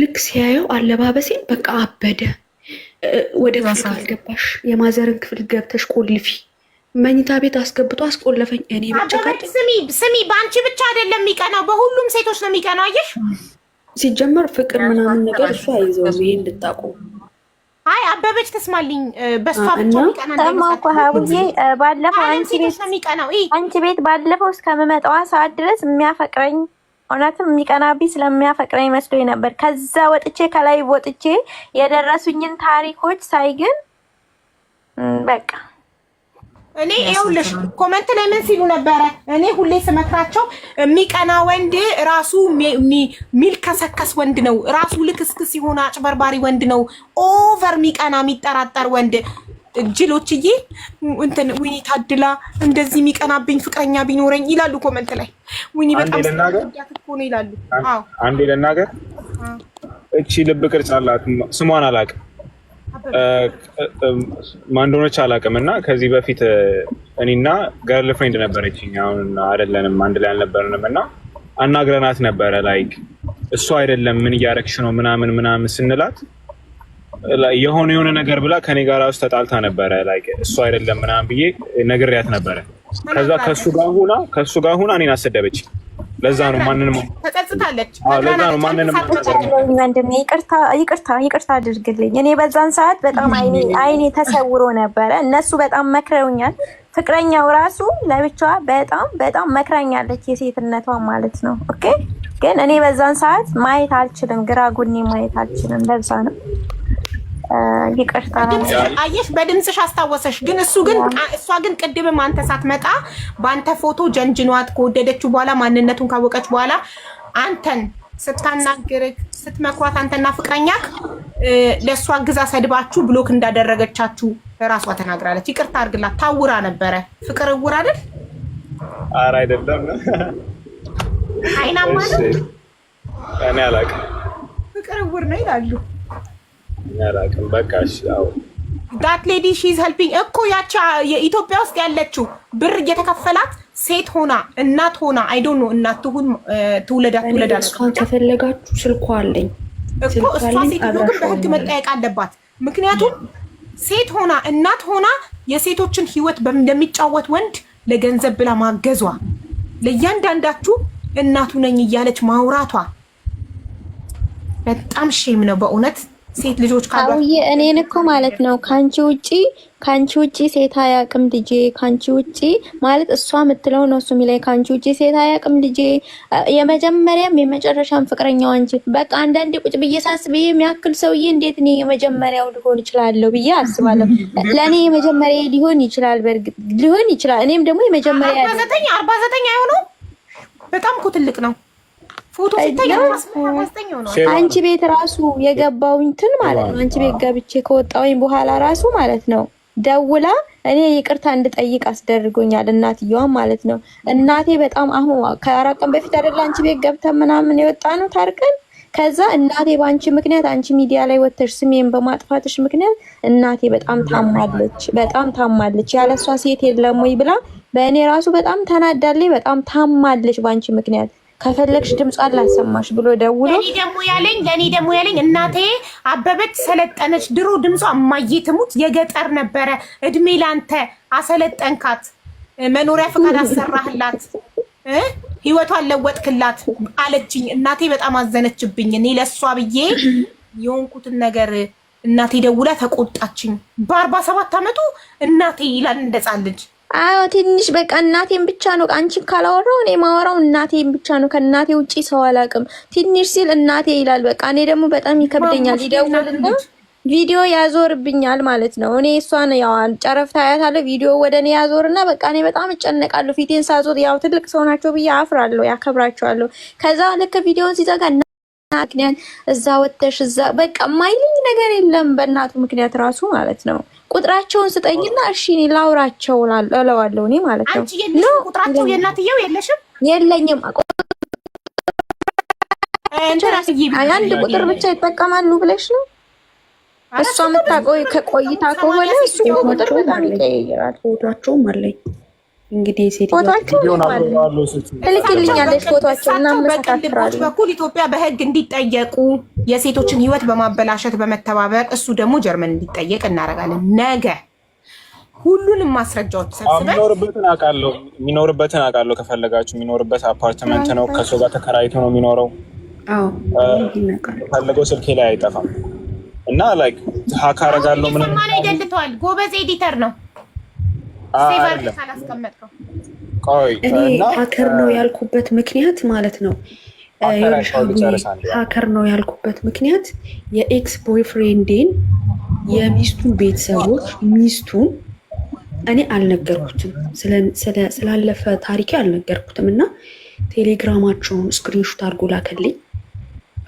ልክ ሲያየው አለባበሴን በቃ አበደ። ወደ ክፍል ካልገባሽ የማዘርን ክፍል ገብተሽ ቆልፊ። መኝታ ቤት አስገብቶ አስቆለፈኝ። እኔ ስሚ ስሚ፣ በአንቺ ብቻ አይደለም የሚቀናው፣ በሁሉም ሴቶች ነው የሚቀናው። አየሽ፣ ሲጀመር ፍቅር ምናምን ነገር እሱ አይዘው ይሄ እንድታቁ። አይ አበበች ተስማልኝ፣ በእሷ ብቻ ሚቀናውዬ። ባለፈው አንቺ ቤት ባለፈው እስከምመጣዋ ሰዓት ድረስ የሚያፈቅረኝ እውነትም የሚቀናብኝ ስለሚያፈቅረኝ መስሎኝ ነበር። ከዛ ወጥቼ ከላይ ወጥቼ የደረሱኝን ታሪኮች ሳይ ግን በቃ እኔ ይኸውልሽ ኮመንት ላይ ምን ሲሉ ነበረ? እኔ ሁሌ ስመክራቸው የሚቀና ወንድ ራሱ ሚልከሰከስ ወንድ ነው፣ ራሱ ልክስክስ የሆነ አጭበርባሪ ወንድ ነው፣ ኦቨር የሚቀና የሚጠራጠር ወንድ ጅሎችዬ እንትን ዊኒ ታድላ እንደዚህ የሚቀናብኝ ፍቅረኛ ቢኖረኝ ይላሉ ኮመንት ላይ። ዊኒ በጣም ይላሉ። አንዴ ልናገር። እቺ ልብ ቅርጽ አላት፣ ስሟን አላውቅም፣ ማን እንደሆነች አላውቅም። እና ከዚህ በፊት እኔና ገርል ፍሬንድ ነበረች፣ አሁን አይደለንም፣ አንድ ላይ አልነበረንም። እና አናግረናት ነበረ ላይክ እሱ አይደለም ምን እያረግሽ ነው ምናምን ምናምን ስንላት የሆነ የሆነ ነገር ብላ ከኔ ጋር ውስጥ ተጣልታ ነበረ። እሱ አይደለም ምናምን ብዬ ነግሬያት ነበረ። ከዛ ከሱ ጋር ሁና ከሱ ጋር ሁና እኔን አሰደበች። ለዛ ነው ማንንም ተጸጽታለች። ለዛ ነው ማንንም ወንድሜ ይቅርታ ይቅርታ ይቅርታ አድርግልኝ። እኔ በዛን ሰዓት በጣም አይኔ አይኔ ተሰውሮ ነበረ። እነሱ በጣም መክረውኛል። ፍቅረኛው ራሱ ለብቻዋ በጣም በጣም መክረኛለች፣ የሴትነቷ ማለት ነው። ኦኬ ግን እኔ በዛን ሰዓት ማየት አልችልም፣ ግራ ጉኔ ማየት አልችልም። ለዛ ነው ይቅርታ አየሽ፣ በድምፅሽ አስታወሰሽ። ግን እሱ ግን እሷ ግን ቅድምም አንተ ሳትመጣ በአንተ ፎቶ ጀንጅኗት ከወደደችው በኋላ ማንነቱን ካወቀች በኋላ አንተን ስታናግርህ ስትመክሯት አንተና ፍቅረኛክ ለእሷ ግዛ ሰድባችሁ ብሎክ እንዳደረገቻችሁ ራሷ ተናግራለች። ይቅርታ አድርግላት። ታውራ ነበረ። ፍቅር እውር አይደል? ኧረ አይደለም። አይናማ ነው። እኔ አላውቅም። ፍቅር እውር ነው ይላሉ አላውቅም። በቃ ያው ዳት ሌዲ ሺዝ ሄልፒንግ እኮ ያቺ የኢትዮጵያ ውስጥ ያለችው ብር እየተከፈላት ሴት ሆና እናት ሆና አይዶን ነው እናት ትሁን ትውለዳ ትውለዳ ከፈለጋችሁ ስልኳ አለኝ እኮ እሷ ሴትዮ ግን በህግ መጠየቅ አለባት። ምክንያቱም ሴት ሆና እናት ሆና የሴቶችን ህይወት እንደሚጫወት ወንድ ለገንዘብ ብላ ማገዟ፣ ለእያንዳንዳችሁ እናቱ ነኝ እያለች ማውራቷ በጣም ሼም ነው በእውነት። ሴት ልጆች ካሉዬ እኔን እኮ ማለት ነው ካንቺ ውጪ ካንቺ ውጪ ሴት አያቅም ልጄ ካንቺ ውጪ ማለት እሷ የምትለው ነው እሱ የሚለኝ ካንቺ ውጪ ሴት አያቅም ልጄ የመጀመሪያም የመጨረሻም ፍቅረኛው አንቺ በቃ አንዳንዴ ቁጭ ብዬ ሳስብ ይሄ የሚያክል ሰውዬ እንዴት እኔ የመጀመሪያው ሊሆን ይችላለሁ ብዬ አስባለሁ ለእኔ የመጀመሪያ ሊሆን ይችላል በእርግጥ ሊሆን ይችላል እኔም ደግሞ የመጀመሪያ አርባ ዘጠኝ አይሆነው በጣም እኮ ትልቅ ነው ፎቶ አንቺ ቤት ራሱ የገባው እንትን ማለት ነው። አንቺ ቤት ገብቼ ከወጣውኝ በኋላ ራሱ ማለት ነው ደውላ እኔ ይቅርታ እንድጠይቅ አስደርጎኛል። እናትየዋ ማለት ነው። እናቴ በጣም አሁን ከአራት ቀን በፊት አይደለ አንቺ ቤት ገብተን ምናምን የወጣ ነው ታርቀን። ከዛ እናቴ በአንቺ ምክንያት አንቺ ሚዲያ ላይ ወጥተሽ ስሜን በማጥፋትሽ ምክንያት እናቴ በጣም ታማለች፣ በጣም ታማለች፣ ያለሷ ሴት የለም ወይ ብላ በእኔ ራሱ በጣም ተናዳለች። በጣም ታማለች በአንቺ ምክንያት ከፈለግሽ ድምጿ አላሰማሽ ብሎ ደውሎ ለኔ ደግሞ ያለኝ ለኔ ደግሞ ያለኝ እናቴ አበበች ሰለጠነች። ድሮ ድምጿ እማዬ ትሙት የገጠር ነበረ። እድሜ ላንተ አሰለጠንካት፣ መኖሪያ ፈቃድ አሰራህላት፣ ህይወቷን ለወጥክላት አለችኝ። እናቴ በጣም አዘነችብኝ። እኔ ለእሷ ብዬ የሆንኩትን ነገር እናቴ ደውላ ተቆጣችኝ። በአርባ ሰባት አመቱ እናቴ ይላል እንደጻለች አዎ ትንሽ በቃ እናቴን ብቻ ነው አንቺን ካላወራው እኔ ማወራው እናቴን ብቻ ነው። ከእናቴ ውጪ ሰው አላውቅም። ትንሽ ሲል እናቴ ይላል። በቃ እኔ ደግሞ በጣም ይከብደኛል። ይደውልና ቪዲዮ ያዞርብኛል ማለት ነው። እኔ እሷን ያው ጨረፍታ ያታለ ቪዲዮ ወደ እኔ ያዞርና በቃ እኔ በጣም እጨነቃለሁ። ፊቴን ሳዞር ያው ትልቅ ሰው ናቸው ብዬ አፍራለሁ፣ ያከብራቸዋለሁ። ከዛ ልክ ቪዲዮን ሲዘጋ ምክንያት እዛ ወተሽ እዛ በቃ ማይልኝ ነገር የለም በእናቱ ምክንያት ራሱ ማለት ነው። ቁጥራቸውን ስጠኝና እሺ እኔ ላውራቸው እለዋለሁ። እኔ ማለት ነው። አንቺ ቁጥራቸው የእናትየው የለሽም? የለኝም። አንድ ቁጥር ብቻ ይጠቀማሉ ብለሽ ነው? እሷ የምታውቀው ከቆይታ ከሆነ እሱ ቁጥር በጣም ይቀያየራል። ፎቷቸውም አለኝ እንግዲህ ፎቶቸው እና በቅንድቦች በኩል ኢትዮጵያ በህግ እንዲጠየቁ የሴቶችን ህይወት በማበላሸት በመተባበር እሱ ደግሞ ጀርመን እንዲጠየቅ እናደርጋለን። ነገ ሁሉንም ማስረጃዎች ሰብስበን የሚኖርበትን አውቃለሁ የሚኖርበትን አውቃለሁ። ከፈለጋችሁ የሚኖርበት አፓርትመንት ነው። ከእሱ ጋር ተከራይቶ ነው የሚኖረው። ፈለገው ስልኬ ላይ አይጠፋም እና ላይክ ሀካ አደርጋለሁ። ምንም አይደልተዋል። ጎበዝ ኤዲተር ነው። ሀከር ነው ያልኩበት ምክንያት ማለት ነው ሀከር ነው ያልኩበት ምክንያት የኤክስ ቦይፍሬንዴን የሚስቱን ቤተሰቦች ሚስቱን እኔ አልነገርኩትም፣ ስላለፈ ታሪኬ አልነገርኩትም እና ቴሌግራማቸውን ስክሪንሹት አድርጎ ላከልኝ።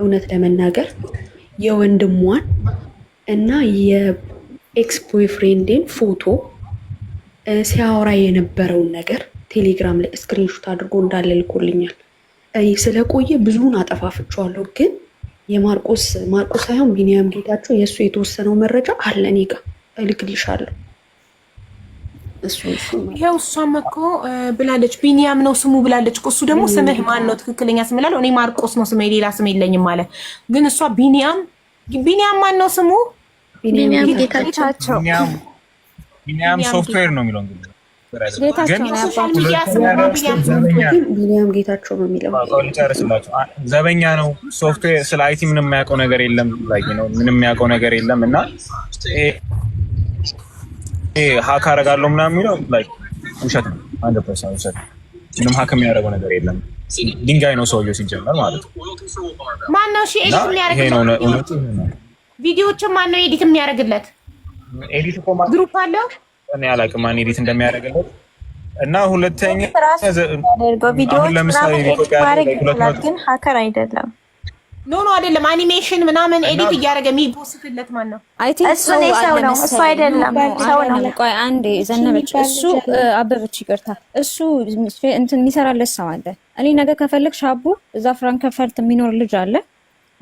እውነት ለመናገር የወንድሟን እና የኤክስ ቦይፍሬንዴን ፎቶ ሲያወራ የነበረውን ነገር ቴሌግራም ላይ ስክሪንሹት አድርጎ እንዳለ ልኮልኛል። ስለቆየ ብዙውን አጠፋፍቸዋለሁ፣ ግን የማርቆስ ማርቆስ ሳይሆን ቢኒያም ጌታቸው የእሱ የተወሰነው መረጃ አለ እኔ ጋ እልክልሻለሁ። ይኸው እሷም እኮ ብላለች፣ ቢኒያም ነው ስሙ ብላለች። እሱ ደግሞ ስምህ ማን ነው ትክክለኛ ስም ላለው እኔ ማርቆስ ነው ስሜ፣ ሌላ ስም የለኝም ማለት ግን እሷ ቢኒያም ቢኒያም ማን ነው ስሙ? ቢኒያም ጌታቸው ቢኒያም ሶፍትዌር ነው የሚለው እንግዲህ ቢኒያም ጌታቸው ነው የሚለው ዘበኛ ነው። ሶፍትዌር ስለ አይቲ ምንም የሚያውቀው ነገር የለም ነው ምንም የሚያውቀው ነገር የለም። እና ሀክ አደርጋለሁ ምናምን የሚለው ውሸት ነው። አንድ ፐርሰንት ውሸት ምንም ሀክ የሚያደርገው ነገር የለም። ድንጋይ ነው ሰውየው ሲጀመር ማለት ነው። ማነው ኤዲት የሚያደርግለት? ቪዲዮዎችን ማነው ኤዲት የሚያደርግለት? ኤዲት እኮ ግሩፕ አለው። እኔ አላውቅም ማን ኤዲት እንደሚያደርግለት እና ሁለተኛ አሁን ለምሳሌ ግን ሀከር አይደለም። ኖ ኖ አይደለም። አኒሜሽን ምናምን ኤዲት እያደረገ የሚቦስፍለት ማን ነው? አይ ቲንክ እሱ ነው። ሰው ነው፣ እሱ አይደለም ሰው ነው። ቆይ አንዴ ዘነበች፣ እሱ አበበች፣ ይቅርታ። እሱ እንትን የሚሰራለት ሰው አለ። እኔ ነገ ከፈለግ ሻቡ እዛ ፍራንክፈርት የሚኖር ልጅ አለ።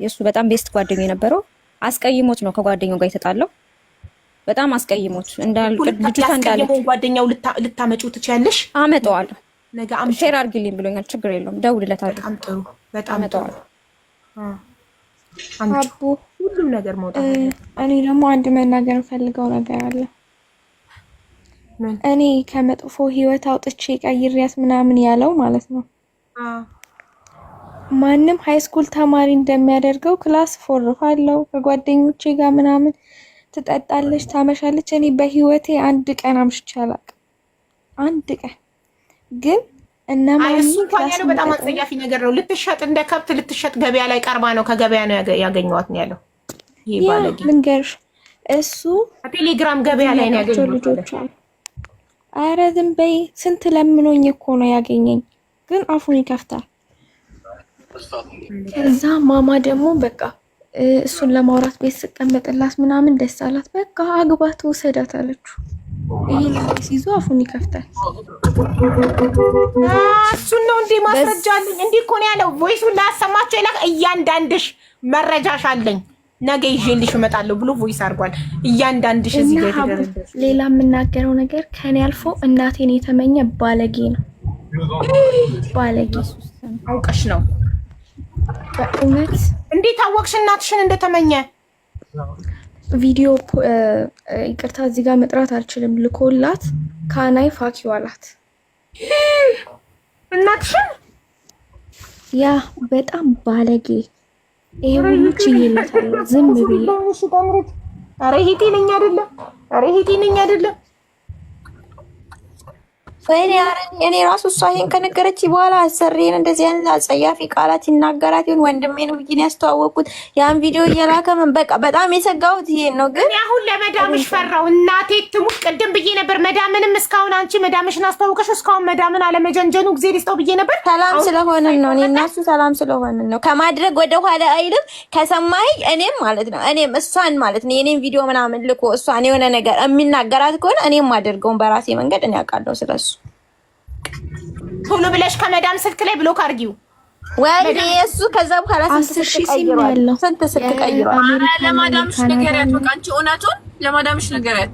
የእሱ በጣም ቤስት ጓደኛ የነበረው አስቀይሞት ነው ከጓደኛው ጋር የተጣለው በጣም አስቀይሞት እንዳልልጅታ እንዳለ ጓደኛው ልታመጪው ትችያለሽ። አመጣዋለሁ። ነገ ሼር አድርግልኝ ብሎኛል። ችግር የለውም። ደውልለታለሁ። በጣም ጥሩ፣ በጣም ጥሩ። አቡ ሁሉም ነገር መውጣት። እኔ ደግሞ አንድ መናገር ፈልገው ነገር አለ። እኔ ከመጥፎ ህይወት አውጥቼ ቀይሪያት ምናምን ያለው ማለት ነው ማንም ሃይስኩል ተማሪ እንደሚያደርገው ክላስ ፎርፋለው ከጓደኞቼ ጋር ምናምን ትጠጣለች፣ ታመሻለች። እኔ በህይወቴ አንድ ቀን አምሽቼ አላውቅም። አንድ ቀን ግን እና እናማሱ በጣም አጸያፊ ነገር ነው። ልትሸጥ እንደ ከብት ልትሸጥ ገበያ ላይ ቀርባ ነው ከገበያ ነው ያገኘዋት ነው ያለው ልንገርሽ። እሱ ቴሌግራም ገበያ ላይ ነው ያገኘ ልጆች አሉ። አረ ዝም በይ። ስንት ለምኖኝ እኮ ነው ያገኘኝ፣ ግን አፉን ይከፍታል። ከዛ ማማ ደግሞ በቃ እሱን ለማውራት ቤት ስቀመጥላት ምናምን ደስ አላት። በቃ አግባት ውሰዳት አለችው። ይህን ሲይዞ አፉን ይከፍታል። እሱን ነው እንዲህ ማስረጃ አለኝ እንዲህ እኮ ነው ያለው። ቮይሱን ላሰማቸው ይላል። እያንዳንድሽ መረጃሽ አለኝ ነገ ይዤልሽ እመጣለሁ ብሎ ቮይስ አድርጓል። እያንዳንድሽ እዚህ ጋር ሌላ የምናገረው ነገር ከኔ አልፎ እናቴን የተመኘ ባለጌ ነው። ባለጌ አውቀሽ ነው በእውነት እንዴት አወቅሽ? እናትሽን እንደተመኘ ቪዲዮ ይቅርታ፣ እዚህ ጋር መጥራት አልችልም። ልኮላት ካናይ ፋኪው አላት። እናትሽን ያ በጣም ባለጌ ይሄ ሁሉ ችዬለታለሁ ዝም ብዬ። ኧረ ሄቴ ነኝ አይደለም፣ ኧረ ሄቴ ነኝ አይደለም እኔ ራሱ እሷ ይሄን ከነገረች በኋላ አሰሬን እንደዚህ አይነት አጸያፊ ቃላት ይናገራት ይሁን ወንድሜ ነው ብዬሽ ያስተዋወቅኩት። ያን ቪዲዮ እየላከ ምን በቃ በጣም የሰጋሁት ይሄን ነው። ግን አሁን ለመዳምሽ ፈራው እናቴ ትሙት ቅድም ብዬ ነበር። መዳምንም እስካሁን አንቺ መዳምሽን አስተዋውቀሽ እስካሁን መዳምን አለመጀንጀኑ ጊዜ ይስጠው ብዬ ነበር። ሰላም ስለሆንን ነው እኔ እና እሱ ሰላም ስለሆንን ነው። ከማድረግ ወደ ኋላ አይልም። ከሰማይ እኔም ማለት ነው እኔም እሷን ማለት ነው የኔን ቪዲዮ ምናምን ልኮ እሷን የሆነ ነገር የሚናገራት ከሆነ እኔም አድርገውን በራሴ መንገድ እኔ አውቃለሁ ስለሱ ቶሎ ብለሽ ከመዳም ስልክ ላይ ብሎክ አድርጊው። ወይኔ እሱ ከዛ በኋላ ስንት ስልክ ቀይሯል፣ ስንት ስልክ ቀይሯል። ለማዳምሽ ንገሪያት፣ በቃ አንቺ እውነቱን ለማዳምሽ ንገሪያት።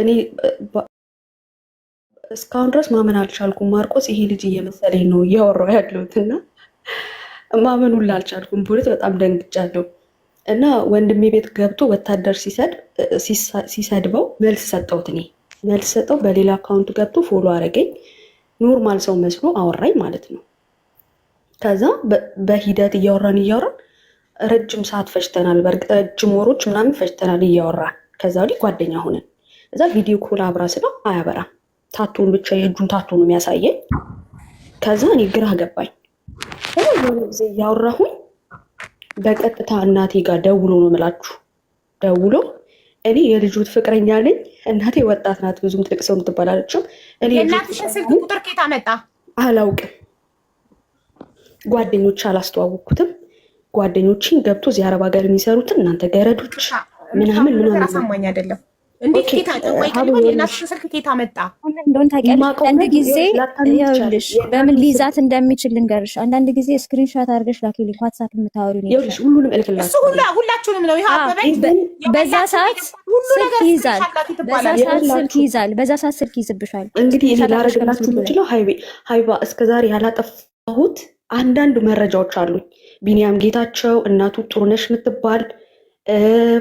እኔ እስካሁን ድረስ ማመን አልቻልኩም። ማርቆስ ይሄ ልጅ እየመሰለኝ ነው እያወራሁ ያለሁት እና ማመኑን ላልቻልኩም ፖሊስ በጣም ደንግጫለሁ። እና ወንድሜ ቤት ገብቶ ወታደር ሲሰድበው መልስ ሰጠሁት። እኔ መልስ ሰጠው። በሌላ አካውንት ገብቶ ፎሎ አረገኝ። ኖርማል ሰው መስሎ አወራኝ ማለት ነው። ከዛ በሂደት እያወራን እያወራን ረጅም ሰዓት ፈጅተናል። በእርግጥ ረጅም ወሮች ምናምን ፈጅተናል እያወራን ከዛ ጓደኛ ሆነን እዛ ቪዲዮ ኮል አብራ ስለው አያበራም። ታቱን ብቻ የእጁን ታቱ ነው የሚያሳየኝ። ከዛ እኔ ግራ ገባኝ። የሆነ ጊዜ እያወራሁኝ በቀጥታ እናቴ ጋር ደውሎ ነው የምላችሁ ደውሎ እኔ የልጆት ፍቅረኛ ነኝ። እናቴ ወጣት ናት፣ ብዙም ትልቅ ሰው የምትባላለችም። ስልክ ቁጥር አመጣ? አላውቅም። ጓደኞች አላስተዋወቅኩትም። ጓደኞችን ገብቶ እዚህ አረብ ሀገር የሚሰሩትን እናንተ ገረዶች ምናምን ምናምን አሳማኝ አይደለም። እንዴት ኬታ አንድ ጊዜ ይኸውልሽ በምን ሊይዛት እንደሚችል ልንገርሽ። አንዳንድ ጊዜ ስክሪንሻት አድርገሽ ላኪልኝ ዋትሳፕ ሁሉንም ሁላችሁንም ነው። በዛ ሰዓት ስልክ ይይዛል፣ በዛ ሰዓት ስልክ ይይዛል፣ በዛ ሰዓት ስልክ ይዝብሻል። እንግዲህ እኔ ላረግላችሁ የምችለው ሀይቤ ሀይባ እስከዛሬ ያላጠፋሁት አንዳንድ መረጃዎች አሉኝ። ቢኒያም ጌታቸው እናቱ ጥሩነሽ የምትባል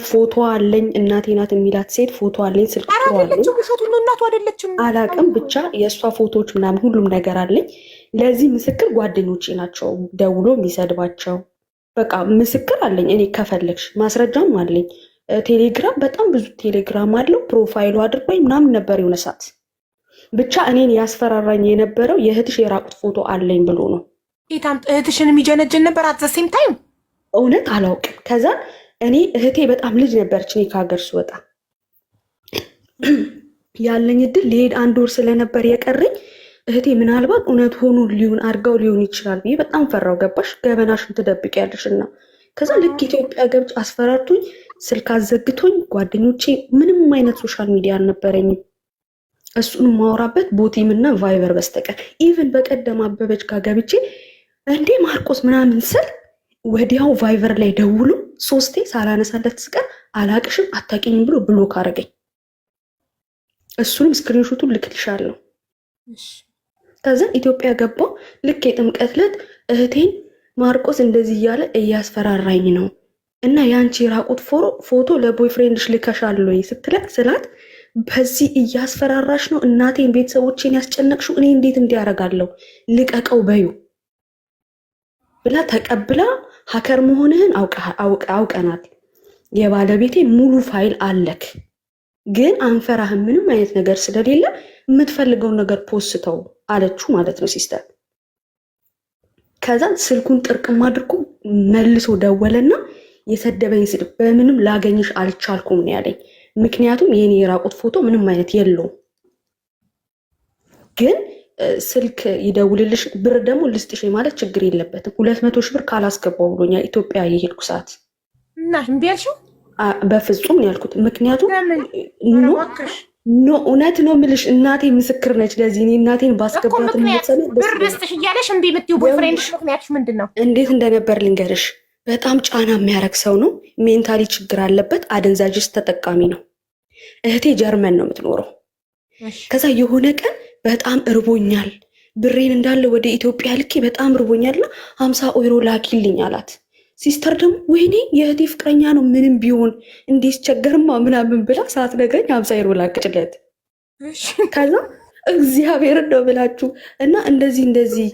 ፎቶ አለኝ እናቴ ናት የሚላት ሴት ፎቶ አለኝ፣ ስልክ አላቅም ብቻ የእሷ ፎቶዎች ምናምን ሁሉም ነገር አለኝ። ለዚህ ምስክር ጓደኞቼ ናቸው ደውሎ የሚሰድባቸው። በቃ ምስክር አለኝ። እኔ ከፈለግሽ ማስረጃም አለኝ። ቴሌግራም በጣም ብዙ ቴሌግራም አለው። ፕሮፋይሉ አድርጎኝ ምናምን ነበር የሆነ ሰዓት ብቻ እኔን ያስፈራራኝ የነበረው የእህትሽ የራቁት ፎቶ አለኝ ብሎ ነው። እህትሽን የሚጀነጅን ነበር። አዘሴም ታይም እውነት አላውቅም ከዛ እኔ እህቴ በጣም ልጅ ነበረች። እኔ ከሀገር ስወጣ ያለኝ እድል ሊሄድ አንድ ወር ስለነበር የቀረኝ እህቴ ምናልባት እውነት ሆኑ ሊሆን አድርገው ሊሆን ይችላል ብዬ በጣም ፈራው። ገባሽ ገበናሽን ያለሽ እና ከዛ ልክ ኢትዮጵያ ገብቼ አስፈራርቶኝ ስልክ አዘግቶኝ፣ ጓደኞቼ ምንም አይነት ሶሻል ሚዲያ አልነበረኝም እሱን ማወራበት ቦቲም እና ቫይበር በስተቀር ኢቨን በቀደም አበበች ጋር ገብቼ እንዴ ማርቆስ ምናምን ስል ወዲያው ቫይቨር ላይ ደውሉ ሶስቴ ሳላነሳለት ስቀር አላቅሽም አታቂኝም ብሎ ብሎክ አረገኝ። እሱንም ስክሪንሾቱን ልክልሻለሁ። ከዛ ኢትዮጵያ ገባ። ልክ የጥምቀት ዕለት እህቴን ማርቆስ እንደዚህ እያለ እያስፈራራኝ ነው እና የአንቺ የራቁት ፎቶ ለቦይፍሬንድሽ ልከሻለሁ ስትለቅ ስላት በዚህ እያስፈራራሽ ነው እናቴን ቤተሰቦቼን ያስጨነቅሽው እኔ እንዴት እንዲያረጋለሁ ልቀቀው በዩ ብላ ተቀብላ ሀከር መሆንህን አውቀናል። የባለቤቴ ሙሉ ፋይል አለክ፣ ግን አንፈራህ ምንም አይነት ነገር ስለሌለ የምትፈልገውን ነገር ፖስተው አለችው ማለት ነው ሲስተር። ከዛን ስልኩን ጥርቅም አድርጎ መልሶ ደወለና የሰደበኝ ስድብ በምንም ላገኝሽ አልቻልኩም ነው ያለኝ። ምክንያቱም የኔ የራቁት ፎቶ ምንም አይነት የለውም ግን ስልክ ይደውልልሽ ብር ደግሞ ልስጥሽ ማለት ችግር የለበትም። ሁለት መቶ ሺህ ብር ካላስገባው ብሎኛል። ኢትዮጵያ የሄድኩ ሰዓት እና እምቢ አልሽው? በፍጹም ነው ያልኩት። ምክንያቱም ኖ እውነት ነው የምልሽ፣ እናቴ ምስክር ነች ለዚህ። እኔ እናቴን ባስገባት ብር ልስጥሽ እያለሽ እምቢ የምትይው ቦይፍሬንድሽ ምክንያትሽ ምንድን ነው? እንዴት እንደነበር ልንገርሽ። በጣም ጫና የሚያደርግ ሰው ነው። ሜንታሊ ችግር አለበት። አደንዛዥ ተጠቃሚ ነው። እህቴ ጀርመን ነው የምትኖረው። ከዛ የሆነ ቀን በጣም እርቦኛል፣ ብሬን እንዳለ ወደ ኢትዮጵያ ልኬ በጣም እርቦኛልና ሀምሳ ኦይሮ ላኪልኝ አላት። ሲስተር ደግሞ ወይኔ የእህቴ ፍቅረኛ ነው ምንም ቢሆን እንዲስ ቸገርማ ምናምን ብላ ሳትነግረኝ ሀምሳ ኦይሮ ላከችለት። ከዛ እግዚአብሔር ነው ብላችሁ እና እንደዚህ እንደዚህ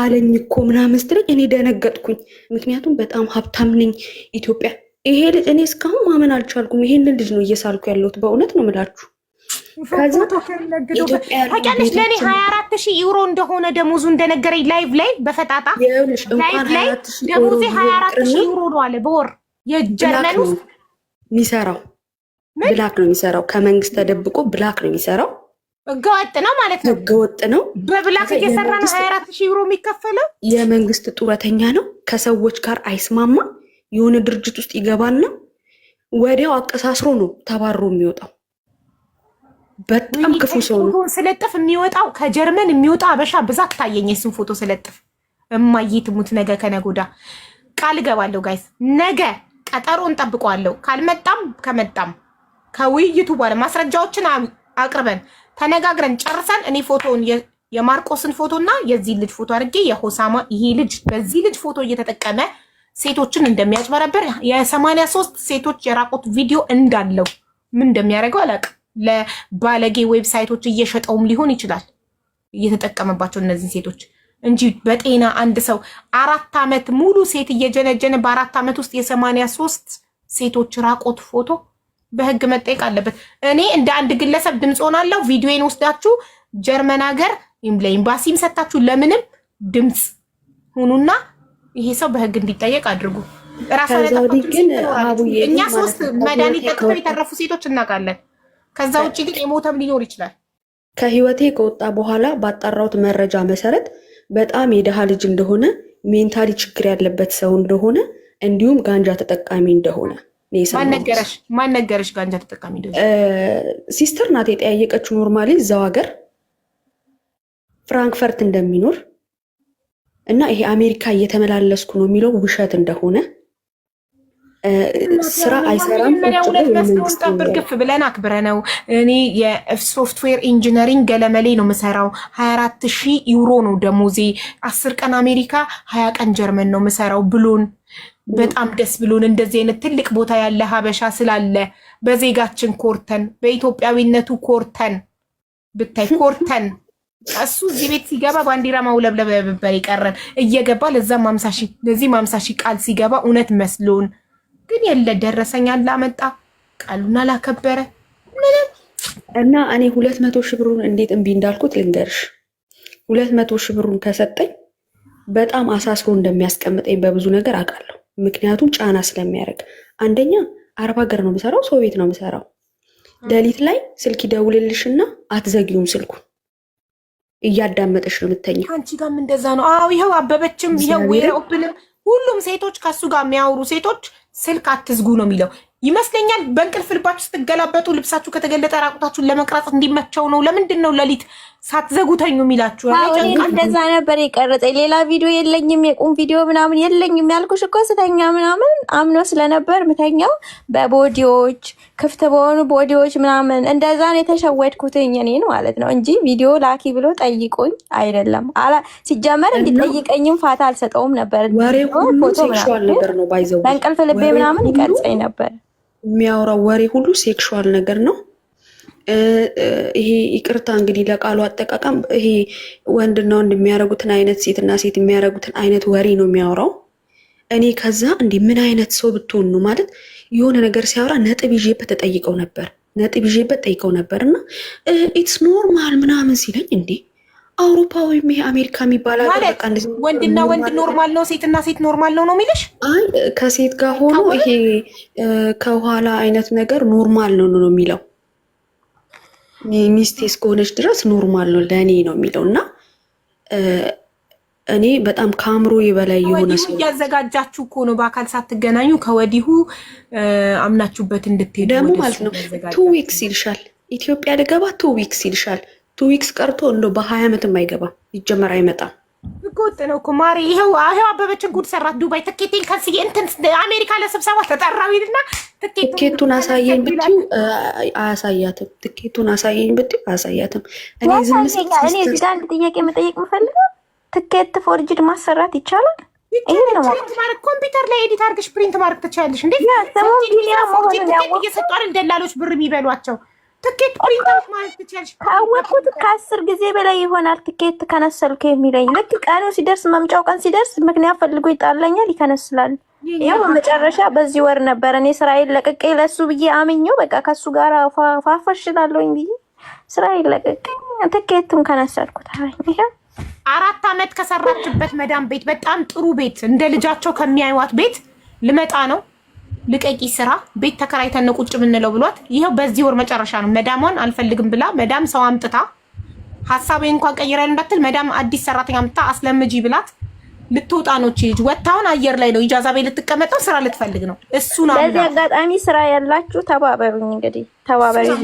አለኝ እኮ ምናምን ስትለኝ እኔ ደነገጥኩኝ። ምክንያቱም በጣም ሀብታም ነኝ ኢትዮጵያ። ይሄ ልጅ እኔ እስካሁን ማመን አልቻልኩም። ይሄንን ልጅ ነው እየሳልኩ ያለሁት። በእውነት ነው ምላችሁ ታውቂያለሽ ለእኔ ሀያ አራት ሺህ ዩሮ እንደሆነ ደሞዙ እንደነገረኝ ላይቭ ላይ በፈጣጣ ላይቭ ላይ ደሞዜ ሀያ አራት ሺህ ዩሮ ነው አለ በወር የጀርመን ውስጥ የሚሰራው ብላክ ነው የሚሰራው። ከመንግስት ተደብቆ ብላክ ነው የሚሰራው። ህገወጥ ነው ማለት ነው። ህገወጥ ነው። በብላክ እየሰራ ነው። ሀያ አራት ሺህ ዩሮ የሚከፈለው የመንግስት ጡረተኛ ነው። ከሰዎች ጋር አይስማማ። የሆነ ድርጅት ውስጥ ይገባና ወዲያው አቀሳስሮ ነው ተባሮ የሚወጣው። በጣም ክፉ ሰው ነው። ስለጥፍ የሚወጣው ከጀርመን የሚወጣ አበሻ ብዛት ታየኝ። የሱን ፎቶ ስለጥፍ እማዬ ትሙት ነገ ከነጎዳ ቃል እገባለሁ። ጋይስ ነገ ቀጠሮ እንጠብቀዋለሁ። ካልመጣም ከመጣም ከውይይቱ በኋላ ማስረጃዎችን አቅርበን ተነጋግረን ጨርሰን እኔ ፎቶውን የማርቆስን ፎቶ እና የዚህ ልጅ ፎቶ አድርጌ የሆሳማ ይሄ ልጅ በዚህ ልጅ ፎቶ እየተጠቀመ ሴቶችን እንደሚያጭበረብር የሰማንያ ሶስት ሴቶች የራቆት ቪዲዮ እንዳለው ምን እንደሚያደርገው አላውቅም። ለባለጌ ዌብሳይቶች እየሸጠውም ሊሆን ይችላል እየተጠቀመባቸው እነዚህን ሴቶች እንጂ በጤና አንድ ሰው አራት ዓመት ሙሉ ሴት እየጀነጀነ በአራት ዓመት ውስጥ የሰማንያ ሶስት ሴቶች ራቆት ፎቶ በህግ መጠየቅ አለበት። እኔ እንደ አንድ ግለሰብ ድምፅ ሆናለሁ። ቪዲዮን ወስዳችሁ ጀርመን ሀገር ለኤምባሲም ሰታችሁ ለምንም ድምፅ ሁኑና ይሄ ሰው በህግ እንዲጠየቅ አድርጉ። ራሳ እኛ ሶስት መድኃኒት ጠቅተው የተረፉ ሴቶች እናውቃለን። ከዛ ውጭ ግን የሞተም ሊኖር ይችላል። ከህይወቴ ከወጣ በኋላ ባጣራሁት መረጃ መሰረት በጣም የደሃ ልጅ እንደሆነ፣ ሜንታሊ ችግር ያለበት ሰው እንደሆነ እንዲሁም ጋንጃ ተጠቃሚ እንደሆነ ማን ነገረሽ? ጋንጃ ተጠቃሚ እንደሆነ ሲስተር ናት የጠያየቀችው። ኖርማሊ እዛው ሀገር ፍራንክፈርት እንደሚኖር እና ይሄ አሜሪካ እየተመላለስኩ ነው የሚለው ውሸት እንደሆነ ስራ አይሰራም። ሁለት መስቀሉን ጠብር ብለን አክብረ ነው። እኔ የሶፍትዌር ኢንጂነሪንግ ገለመሌ ነው ምሰራው። ሀያ አራት ሺህ ዩሮ ነው ደሞዜ። አስር ቀን አሜሪካ፣ ሀያ ቀን ጀርመን ነው ምሰራው ብሎን በጣም ደስ ብሎን እንደዚህ አይነት ትልቅ ቦታ ያለ ሀበሻ ስላለ በዜጋችን ኮርተን በኢትዮጵያዊነቱ ኮርተን ብታይ ኮርተን እሱ እዚህ ቤት ሲገባ ባንዲራ ማውለብለብ ነበር የቀረን። እየገባ ለዛ ማምሳሺ ለዚህ ማምሳሺ ቃል ሲገባ እውነት መስሎን ግን የለ ደረሰኝ አላመጣ ቃሉን አላከበረ እና እኔ ሁለት መቶ ሺህ ብሩን እንዴት እምቢ እንዳልኩት ልንገርሽ። ሁለት መቶ ሺህ ብሩን ከሰጠኝ በጣም አሳስሮ እንደሚያስቀምጠኝ በብዙ ነገር አውቃለሁ። ምክንያቱም ጫና ስለሚያደርግ አንደኛ አረብ ሀገር ነው የምሰራው፣ ሰው ቤት ነው የምሰራው። ሌሊት ላይ ስልክ ይደውልልሽና አትዘጊውም ስልኩ እያዳመጠሽ ነው የምተኛው። አንቺ ጋርም እንደዛ ነው። አዎ ይኸው አበበችም ይኸው ወይረውብንም ሁሉም ሴቶች ከሱ ጋር የሚያወሩ ሴቶች ስልክ አትዝጉ ነው የሚለው ይመስለኛል። በእንቅልፍ ልባችሁ ስትገላበጡ ልብሳችሁ ከተገለጠ ራቁታችሁን ለመቅረጽ እንዲመቸው ነው። ለምንድን ነው ለሊት ሳትዘጉተኙ የሚላችሁ እንደዛ ነበር የቀረጸኝ። ሌላ ቪዲዮ የለኝም፣ የቁም ቪዲዮ ምናምን የለኝም። ያልኩሽ እኮ ስተኛ ምናምን አምኖ ስለነበር ምተኛው በቦዲዎች ክፍት በሆኑ ቦዲዎች ምናምን እንደዛ ነው የተሸወድኩትኝ እኔን ማለት ነው እንጂ ቪዲዮ ላኪ ብሎ ጠይቁኝ አይደለም። ሲጀመር እንዲጠይቀኝም ፋታ አልሰጠውም ነበር። በእንቅልፍ ልቤ ምናምን ይቀርጸኝ ነበር። የሚያወራው ወሬ ሁሉ ሴክሹዋል ነገር ነው። ይሄ ይቅርታ እንግዲህ ለቃሉ አጠቃቀም ይሄ ወንድና ወንድ የሚያደርጉትን አይነት ሴትና ሴት የሚያደርጉትን አይነት ወሬ ነው የሚያወራው። እኔ ከዛ እንዴ ምን አይነት ሰው ብትሆን ነው ማለት የሆነ ነገር ሲያወራ ነጥብ ይዤበት ተጠይቀው ነበር ነጥብ ይዤበት ጠይቀው ነበር እና ኢትስ ኖርማል ምናምን ሲለኝ እንዴ ወይም ይሄ አሜሪካ የሚባል ወንድና ወንድ ኖርማል ነው፣ ሴትና ሴት ኖርማል ነው ነው የሚልሽ። አይ ከሴት ጋር ሆኖ ይሄ ከኋላ አይነት ነገር ኖርማል ነው ነው የሚለው ሚስቴ እስከሆነች ድረስ ኖርማል ነው ለእኔ ነው የሚለው እና እኔ በጣም ከአእምሮ በላይ የሆነ ሰው እያዘጋጃችሁ እኮ ነው። በአካል ሳትገናኙ ከወዲሁ አምናችሁበት እንድትሄዱ ደግሞ ማለት ነው። ቱ ዊክስ ይልሻል፣ ኢትዮጵያ ልገባ ቱ ዊክስ ይልሻል። ቱ ዊክስ ቀርቶ እንደው በሀያ ዓመትም አይገባም ይጀመር አይመጣም። ህገወጥ ነው እኮ ማሪ። ይኸው ይኸው አበበችን ጉድ ሰራት። ዱባይ ትኬቴን ከስዬ እንትን አሜሪካ ለስብሰባ ተጠራው ይልና ትኬቱን አሳየኝ ብትይው አያሳያትም። ትኬቱን አሳየኝ ብትይው አያሳያትም። እኔ ዝም ስል እኔ እዚህ ጋር አንድ ጥያቄ መጠየቅ የምፈልገው ትኬት ፎርጅድ ማሰራት ይቻላል? ኮምፒውተር ላይ ኤዲት አድርገሽ ፕሪንት ማድረግ ትችላለሽ። እንዴት ሰሞኑን ፎርጅድ እየሰጡ አይደል ደላሎች ብር የሚበሏቸው ትኬት ፕሪንት ማለት ትችያለሽ። ካወቅኩት ከአስር ጊዜ በላይ ይሆናል ትኬት ከነሰልኩ የሚለኝ ልክ ቀኑ ሲደርስ መምጫው ቀን ሲደርስ ምክንያት ፈልጎ ይጣለኛል፣ ይከነስላል። ያው በመጨረሻ በዚህ ወር ነበር እኔ ስራዬን ለቅቄ ለሱ ብዬ አምኜው በቃ ከሱ ጋር ፋፋሽ እላለሁኝ ብዬ ስራዬን ለቅቄ ትኬቱን ከነሰልኩት ይሄ አራት አመት ከሰራችበት መዳም ቤት በጣም ጥሩ ቤት እንደ ልጃቸው ከሚያዩዋት ቤት ልመጣ ነው። ልቀቂ ስራ ቤት ተከራይተን ነው ቁጭ የምንለው ብሏት፣ ይኸው በዚህ ወር መጨረሻ ነው መዳሟን አልፈልግም ብላ መዳም ሰው አምጥታ ሀሳቤ እንኳን ቀይራል እንዳትል መዳም አዲስ ሰራተኛ አምጥታ አስለምጂ ብላት ልትወጣ ነው። ልጅ ወታውን አየር ላይ ነው ኢጃዛ ቤት ልትቀመጠው ስራ ልትፈልግ ነው። እሱ ነው። በዚህ አጋጣሚ ስራ ያላችሁ ተባበሩኝ፣ እንግዲህ ተባበሩኝ።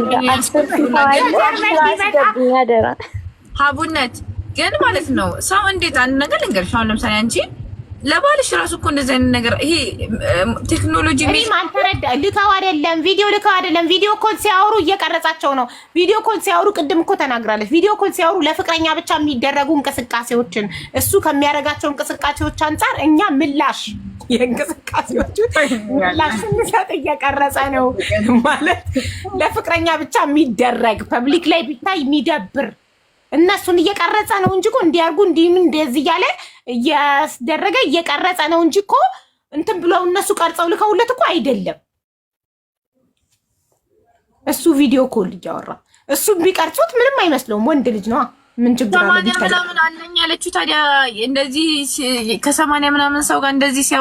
ሀቡነት ግን ማለት ነው ሰው እንዴት አንድ ነገር ልንገርሽ፣ አሁን ለምሳሌ አንቺ ለባልሽ ራሱ እኮ እንደዚህ አይነት ነገር ይሄ ቴክኖሎጂ እኔም አልተረዳ ልከው አይደለም ቪዲዮ ልከው አይደለም ቪዲዮ ኮል ሲያወሩ እየቀረጻቸው ነው። ቪዲዮ ኮል ሲያወሩ ቅድም እኮ ተናግራለች። ቪዲዮ ኮል ሲያወሩ ለፍቅረኛ ብቻ የሚደረጉ እንቅስቃሴዎችን እሱ ከሚያደርጋቸው እንቅስቃሴዎች አንጻር እኛ ምላሽ የእንቅስቃሴዎቹ ምላሽ ስንሰጥ እየቀረጸ ነው ማለት ለፍቅረኛ ብቻ የሚደረግ ፐብሊክ ላይ ቢታይ የሚደብር እነሱን እየቀረጸ ነው እንጂ እንዲያርጉ እንዲህ እንደዚህ እያለ እያስደረገ እየቀረጸ ነው እንጂ እኮ እንትን ብለው እነሱ ቀርጸው ልከውለት እኮ አይደለም። እሱ ቪዲዮ ኮል እያወራ እሱ ቢቀርጹት ምንም አይመስለውም። ወንድ ልጅ ነዋ። ምን ችግር አለ? ምናምን አለኝ ያለችው ታዲያ እንደዚህ ከሰማንያ ምናምን ሰው ጋር እንደዚህ ሲያ